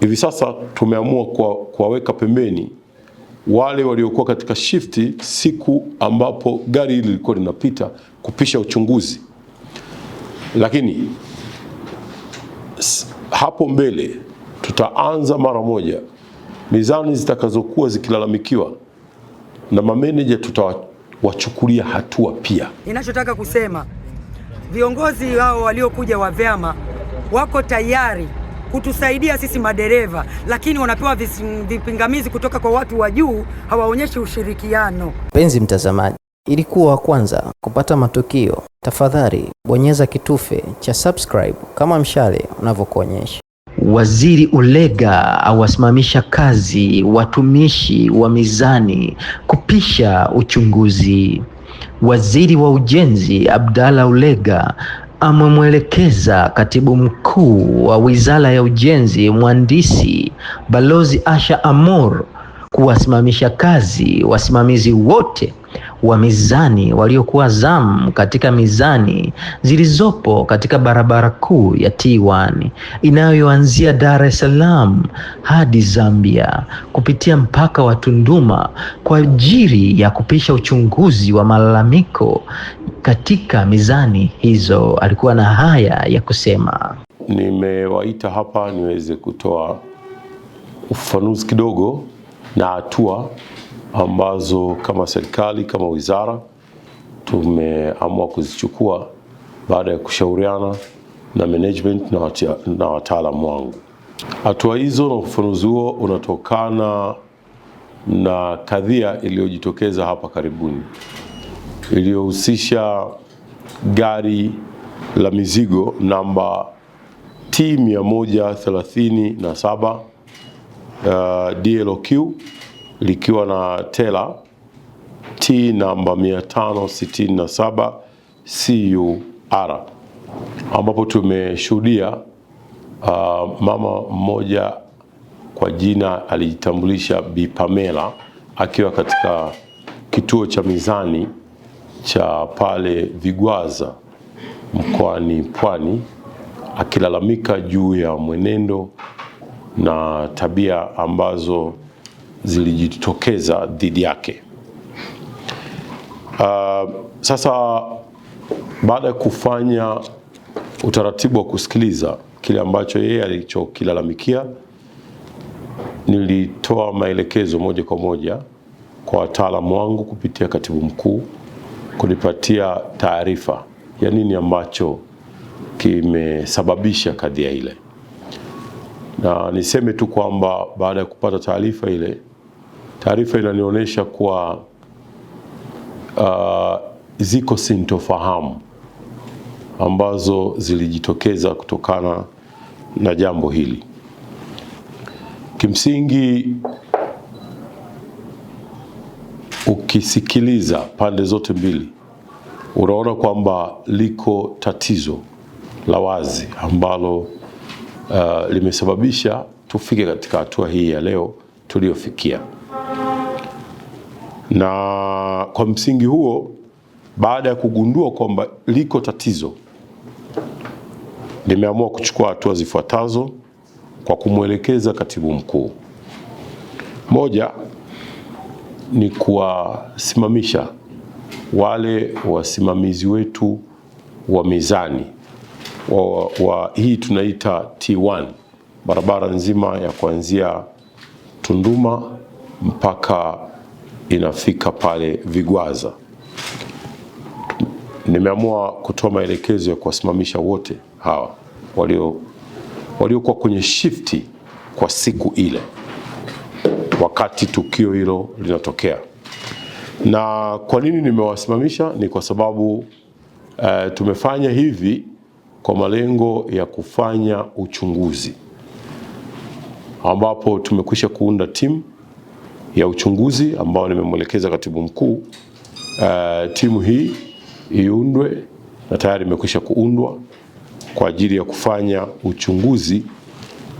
hivi sasa tumeamua kuwaweka pembeni wale waliokuwa katika shifti siku ambapo gari hili lilikuwa linapita kupisha uchunguzi, lakini hapo mbele tutaanza mara moja mizani zitakazokuwa zikilalamikiwa na mameneja tutawachukulia hatua pia. Ninachotaka kusema viongozi hao waliokuja wa vyama wako tayari kutusaidia sisi madereva, lakini wanapewa vipingamizi kutoka kwa watu wa juu, hawaonyeshi ushirikiano. Mpenzi mtazamaji, ili kuwa wa kwanza kupata matukio, tafadhali bonyeza kitufe cha subscribe kama mshale unavyokuonyesha. Waziri Ulega awasimamisha kazi watumishi wa mizani kupisha uchunguzi. Waziri wa Ujenzi Abdalla Ulega amemwelekeza katibu mkuu wa Wizara ya Ujenzi Mhandisi Balozi Asha Amur kuwasimamisha kazi wasimamizi wote wa mizani waliokuwa zamu katika mizani zilizopo katika barabara kuu ya T1 inayoanzia Dar es Salaam hadi Zambia kupitia mpaka wa Tunduma kwa ajili ya kupisha uchunguzi wa malalamiko katika mizani hizo. Alikuwa na haya ya kusema: nimewaita hapa niweze kutoa ufafanuzi kidogo na hatua ambazo kama serikali kama wizara tumeamua kuzichukua baada ya kushauriana na management na, na wataalamu wangu. Hatua hizo na ufafanuzi huo unatokana na kadhia iliyojitokeza hapa karibuni iliyohusisha gari la mizigo namba T 137 uh, DLOQ likiwa na tela T namba 567 CUR ambapo tumeshuhudia uh, mama mmoja kwa jina alijitambulisha Bi Pamela akiwa katika kituo cha mizani cha pale Vigwaza mkoani Pwani akilalamika juu ya mwenendo na tabia ambazo zilijitokeza dhidi yake. Uh, sasa baada ya kufanya utaratibu wa kusikiliza kile ambacho yeye alichokilalamikia, nilitoa maelekezo moja kwa moja kwa wataalamu wangu kupitia katibu mkuu kunipatia taarifa ya nini ambacho kimesababisha kadhia ile, na niseme tu kwamba baada ya kupata taarifa ile taarifa inanionyesha kuwa uh, ziko sintofahamu ambazo zilijitokeza kutokana na jambo hili. Kimsingi, ukisikiliza pande zote mbili, unaona kwamba liko tatizo la wazi ambalo uh, limesababisha tufike katika hatua hii ya leo tuliyofikia. Na kwa msingi huo, baada ya kugundua kwamba liko tatizo, nimeamua kuchukua hatua zifuatazo kwa kumwelekeza katibu mkuu. Moja ni kuwasimamisha wale wasimamizi wetu wa mizani wa, wa hii tunaita T1 barabara nzima ya kuanzia Tunduma mpaka inafika pale Vigwaza. Nimeamua kutoa maelekezo ya kuwasimamisha wote hawa waliokuwa kwenye shifti kwa siku ile wakati tukio hilo linatokea. Na kwa nini nimewasimamisha? Ni kwa sababu e, tumefanya hivi kwa malengo ya kufanya uchunguzi ambapo tumekwisha kuunda timu ya uchunguzi ambao nimemwelekeza katibu mkuu uh, timu hii iundwe na tayari imekwisha kuundwa kwa ajili ya kufanya uchunguzi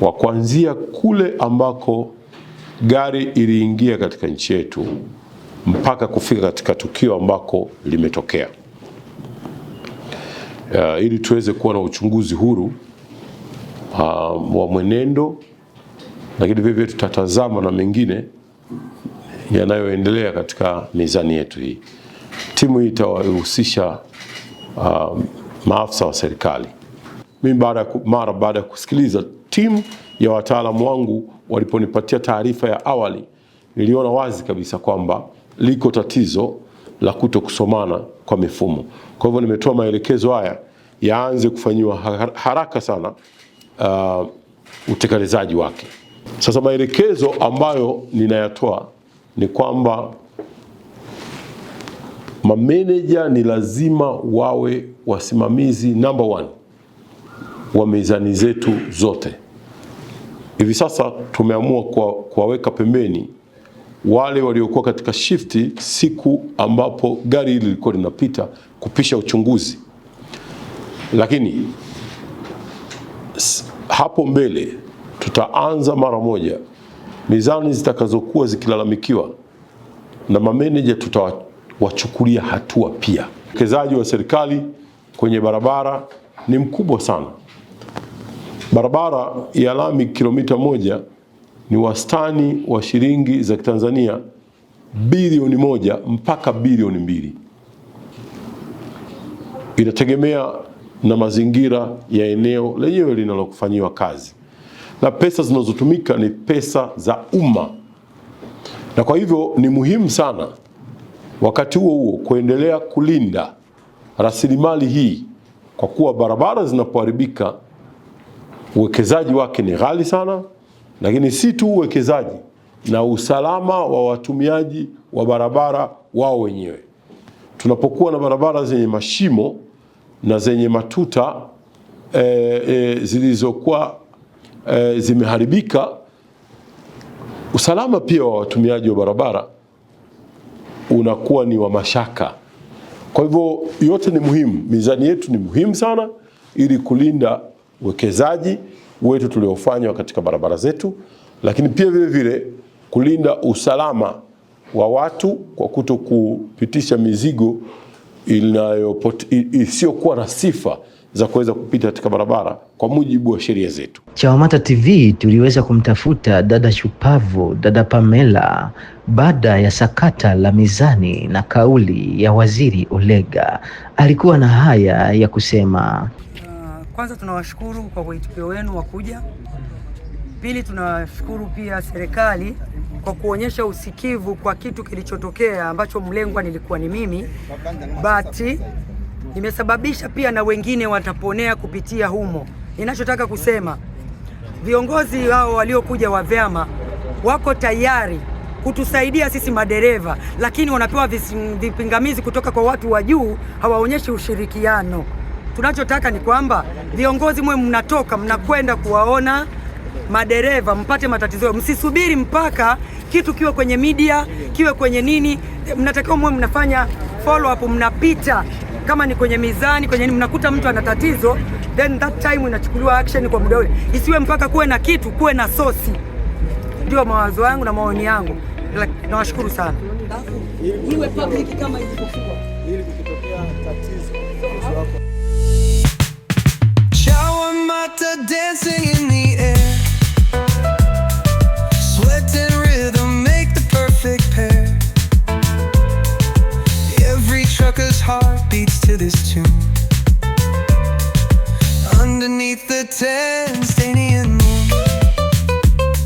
wa kuanzia kule ambako gari iliingia katika nchi yetu mpaka kufika katika tukio ambako limetokea, uh, ili tuweze kuwa na uchunguzi huru uh, wa mwenendo, lakini vivyo tutatazama na mengine yanayoendelea katika mizani yetu hii. Timu hii itawahusisha uh, maafisa wa serikali. Mimi mara baada ya kusikiliza timu ya wataalamu wangu waliponipatia taarifa ya awali, niliona wazi kabisa kwamba liko tatizo la kuto kusomana kwa mifumo. Kwa hivyo nimetoa maelekezo haya yaanze kufanyiwa haraka sana uh, utekelezaji wake. Sasa maelekezo ambayo ninayatoa ni kwamba mameneja ni lazima wawe wasimamizi number one wa mizani zetu zote. Hivi sasa tumeamua kuwaweka pembeni wale waliokuwa katika shifti siku ambapo gari hili lilikuwa linapita kupisha uchunguzi, lakini hapo mbele tutaanza mara moja mizani zitakazokuwa zikilalamikiwa na mameneja tutawachukulia hatua pia. Uwekezaji wa serikali kwenye barabara ni mkubwa sana. Barabara ya lami kilomita moja ni wastani wa shilingi za Kitanzania bilioni moja mpaka bilioni mbili. Inategemea na mazingira ya eneo lenyewe linalofanyiwa kazi na pesa zinazotumika ni pesa za umma, na kwa hivyo ni muhimu sana wakati huo huo kuendelea kulinda rasilimali hii, kwa kuwa barabara zinapoharibika uwekezaji wake ni ghali sana, lakini si tu uwekezaji na usalama wa watumiaji wa barabara wao wenyewe. Tunapokuwa na barabara zenye mashimo na zenye matuta e, e, zilizokuwa e, zimeharibika, usalama pia wa watumiaji wa barabara unakuwa ni wa mashaka. Kwa hivyo yote ni muhimu, mizani yetu ni muhimu sana, ili kulinda uwekezaji wetu tuliofanywa katika barabara zetu, lakini pia vile vile kulinda usalama wa watu kwa kuto kupitisha mizigo isiyokuwa na sifa za kuweza kupita katika barabara kwa mujibu wa sheria zetu. Chawamata TV tuliweza kumtafuta dada shupavu, dada Pamela, baada ya sakata la mizani na kauli ya Waziri Ulega. Alikuwa na haya ya kusema. Uh, kwanza tunawashukuru kwa mwitikio wenu wa kuja. Pili, tunashukuru pia serikali kwa kuonyesha usikivu kwa kitu kilichotokea ambacho mlengwa nilikuwa ni mimi bati Mm. imesababisha pia na wengine wataponea kupitia humo. Ninachotaka kusema viongozi hao waliokuja wa vyama wako tayari kutusaidia sisi madereva, lakini wanapewa vipingamizi kutoka kwa watu wa juu, hawaonyeshi ushirikiano. Tunachotaka ni kwamba viongozi mwe mnatoka mnakwenda kuwaona madereva mpate matatizo yao, msisubiri mpaka kitu kiwe kwenye media kiwe kwenye nini. Mnatakiwa mwe mnafanya follow up, mnapita kama ni kwenye mizani kwenye mnakuta mtu ana tatizo, then that time inachukuliwa action kwa muda ule, isiwe mpaka kuwe na kitu, kuwe na sosi. Ndio mawazo yangu na maoni yangu, nawashukuru sana. Iwe public kama ilivyokuwa ili kukitokea tatizo dancing in the air